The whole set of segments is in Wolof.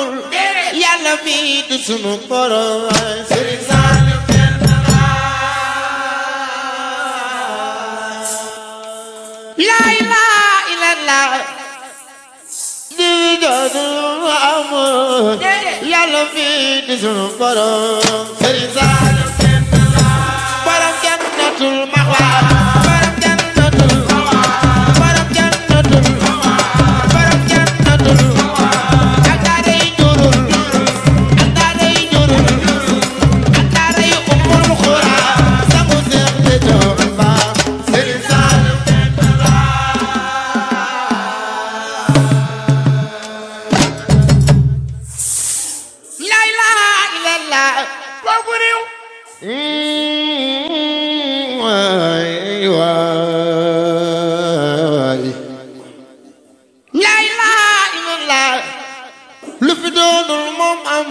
amul yàlla mi du sunu borom Serigne Saliou la ilaha illallah di dodu amul yàlla mi du sunu borom Serigne Saliou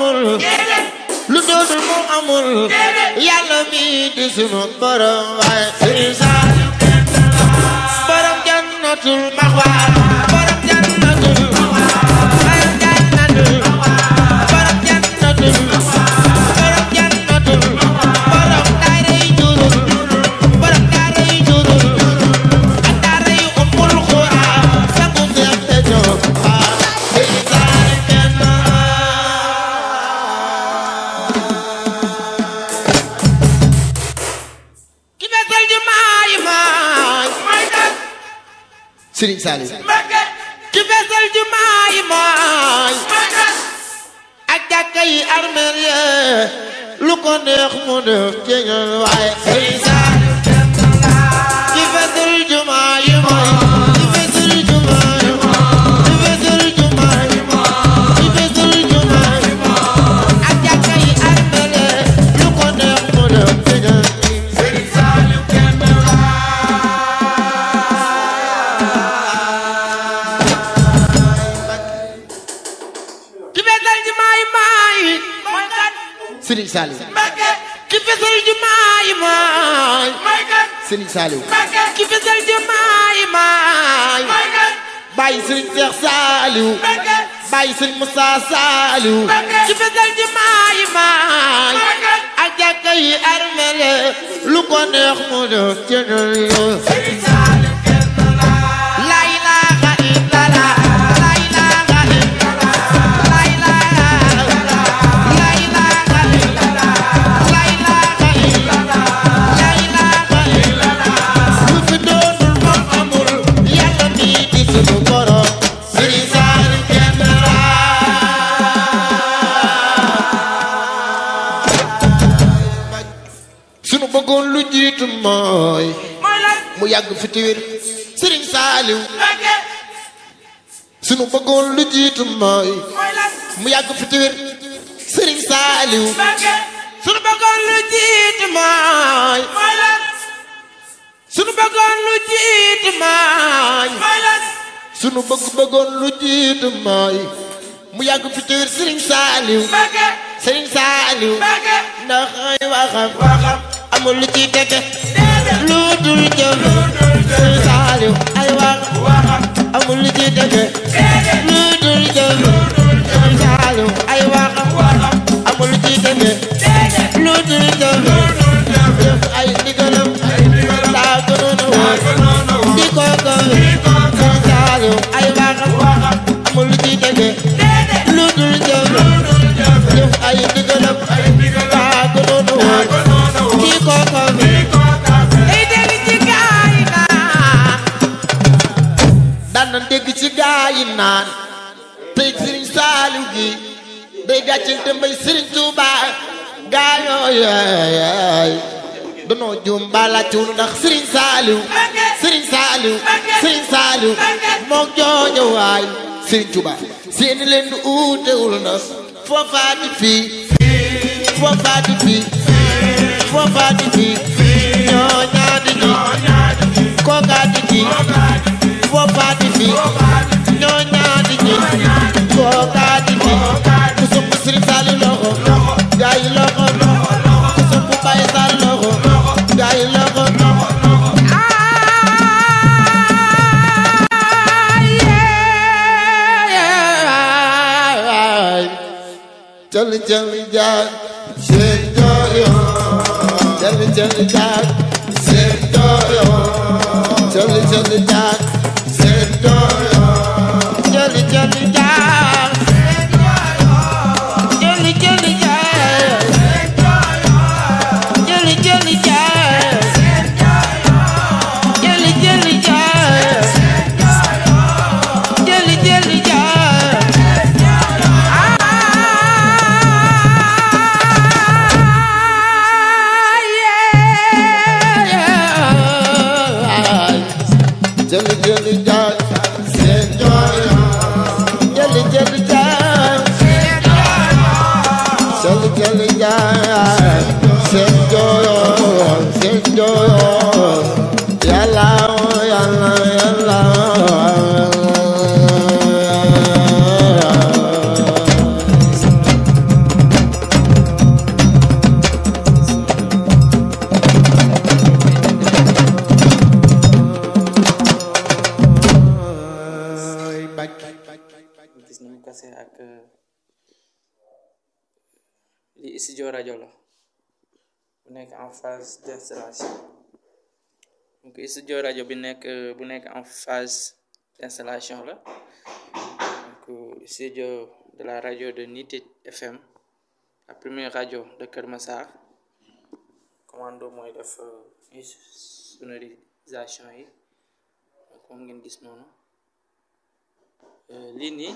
amul lu mu amul yàlla di sunu borom waaye sëriñ Saliou Serigne Saliou ki feesal jumaa yi mooy ak jàkka yi armeel lu ko neex mu def ci ñun si Saliou. Mbacké ki fësal jumaa yi maay. Mbacké Serigne Saliou. Mbacké ki fësal jumaa yi maay. Mbacké bàyyi Serigne Cheikh Saliou. Mbacké bàyyi Serigne Moussa Saliou. Mbacké ki fësal jumaa yi maay. Mbacké ak jàkka yi armele lu sunu borom lu jiitu mooy mu yàgg fi te wér sunu bëggoon lu jiitu mooy mu yàgg fi te wér sunu bëggoon lu jiitu mooy sunu bëgg-bëggoon lu jiitu mooy mu yàgg fi tëwër Serigne Saliou. Mbakke Serigne Saliou. Mbakke ndax ay waxam. waxam amul lu ciy tege. déedéet lu dul jëf. lu dul jëf Serigne Saliou ay wax. waxam amul lu ciy tege. déedéet lu dul jëf. lu dul jëf Serigne Saliou ay wax. tey sëriñ Saaliw gi day gàcceel te mbay sëriñ Tuuba gaayoo yaay danoo juum balaacul ndax sëriñ Saaliw sëriñ Saaliw sëriñ Saaliw mook jooja waay sëriñ Tuuba seeni leen du uutewul nas foofaati fii foofaati fii foofaati fii चल चल जा से जोयो चल चल जा से जोयो चल चल जा से जोयो passé ak euh, li studio rajo la bu nekk en phase d'installation donc rajo bi nekk euh, bu nekk en phase d'installation la donc euh, studio de la radio de Niti FM a première radio de Kër Massar commando mooy def sonorisation yi donc moom ngeen gis noonu lii nii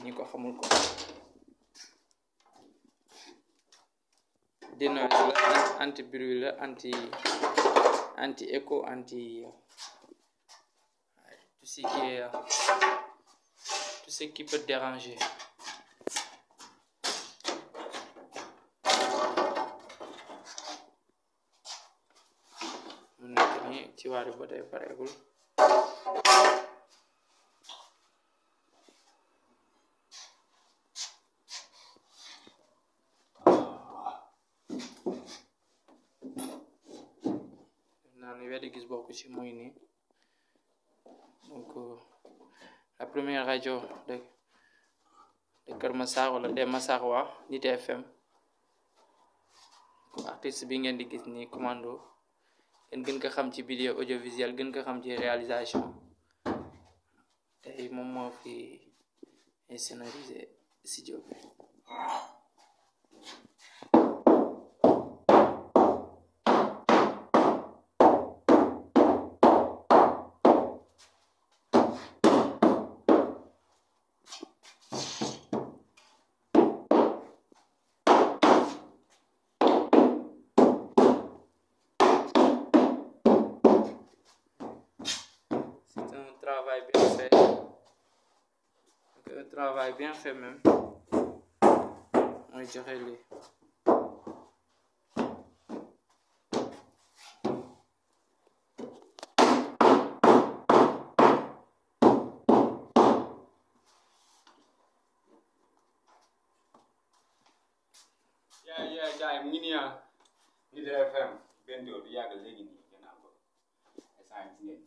On y ko xamul ko dénoise la anti bruit la anti anti écho anti tout ce qui est tout ce qui peut déranger mu nekk nii ci waar yi ba tey pareegul di gis bokk ci moy ni donc euh, la première radio de de Karma Masar wala de Masar waa Nit FM artiste bi ngeen di gis ni Commando ngeen gën ko xam ci vidéo audiovisuel gën ko xam ci réalisation tey moom moo fi scénarisé studio bi travail bien fait. Donc, un travail bien fait même. On dirait les. Yeah yeah yeah, yi mu ngi nii ah FM benn doo du yàgg léegi nii gannaaw ba instant yi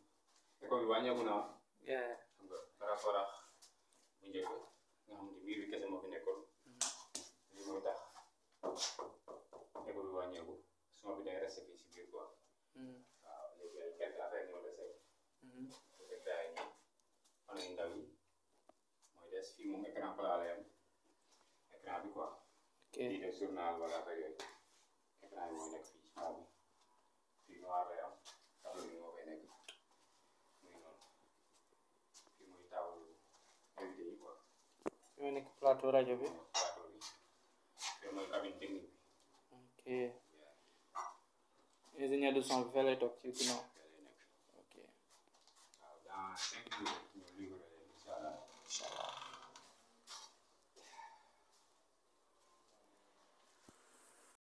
école bi wàññeeku naa. xam nga par rapport ak bu njëkk nga xam ne biir bi kese moo fi nekkoon. Mm-hmm. li mooy tax école bi wàññeeku suma bi day resté fii si biir quoi. Mm-hmm. waaw léegi ay kenn affaire ñoo dese. parce que gars yi ñoom xale yu ndaw yi mooy des fii moom écran plat lay am écran bi quoi. ok di def journal wala affaire yooyu écran bi mooy nekk fii ci bi fii noir lay am. ñoo nekk plateau rajo bi. ok. ingénieur du son bi fee lay toog ci ginnaaw.